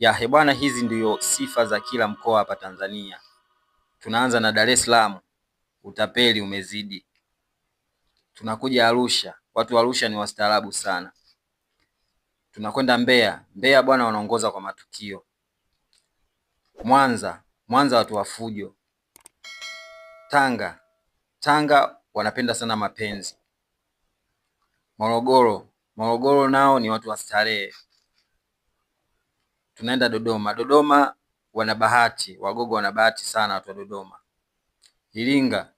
ya hebwana, hizi ndiyo sifa za kila mkoa hapa Tanzania. Tunaanza na Dar es Salaam, utapeli umezidi. Tunakuja Arusha, watu wa Arusha ni wastaarabu sana. Tunakwenda Mbeya, Mbeya bwana wanaongoza kwa matukio. Mwanza, Mwanza watu wa fujo. Tanga, Tanga wanapenda sana mapenzi. Morogoro, Morogoro nao ni watu wa starehe tunaenda Dodoma. Dodoma wana bahati, Wagogo wana bahati sana, watu wa Dodoma. Iringa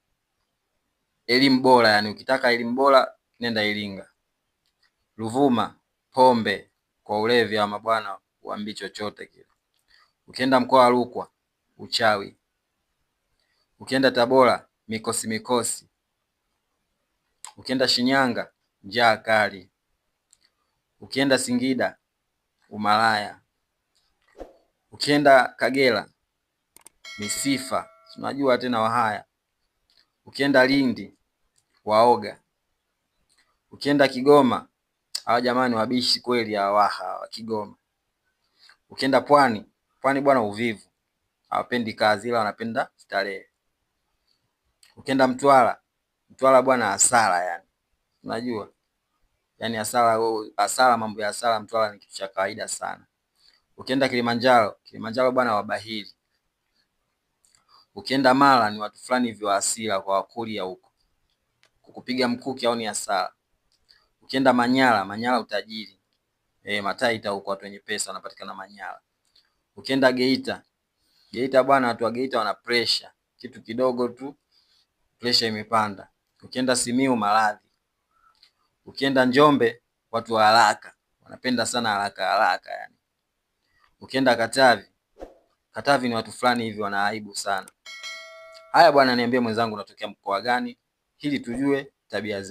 elimu bora, yani ukitaka elimu bora nenda Iringa. Ruvuma pombe kwa ulevi, ama bwana uambii chochote kile. Ukienda mkoa wa Rukwa uchawi, ukienda Tabora mikosi mikosi, ukienda Shinyanga njaa kali, ukienda Singida umalaya Ukienda Kagera ni sifa tunajua tena Wahaya. Ukienda Lindi Waoga. Ukienda Kigoma hawa jamani wabishi kweli hawa Waha wa Kigoma. Ukienda Pwani, Pwani bwana uvivu, hawapendi kazi ila wanapenda starehe. Ukienda Mtwara, Mtwara bwana hasara yani, unajua yani hasara, hasara mambo ya hasara Mtwara ni kitu cha kawaida sana. Ukienda Kilimanjaro, Kilimanjaro bwana wabahili. Ukienda Mara ni watu fulani hivyo asira kwa wakuli ya huko, kukupiga mkuki au ni hasara. Ukienda Manyara, Manyara utajiri e, mataita huko, watu wenye pesa wanapatikana Manyara. Ukienda Geita, Geita bwana, watu wa Geita wana pressure, kitu kidogo tu pressure imepanda. Ukienda Simiu, maradhi. Ukienda Njombe, watu wa haraka wanapenda sana haraka haraka yani. Ukienda Katavi, Katavi ni watu fulani hivi wana aibu sana. Haya bwana, niambie mwenzangu, unatokea mkoa gani, ili tujue tabia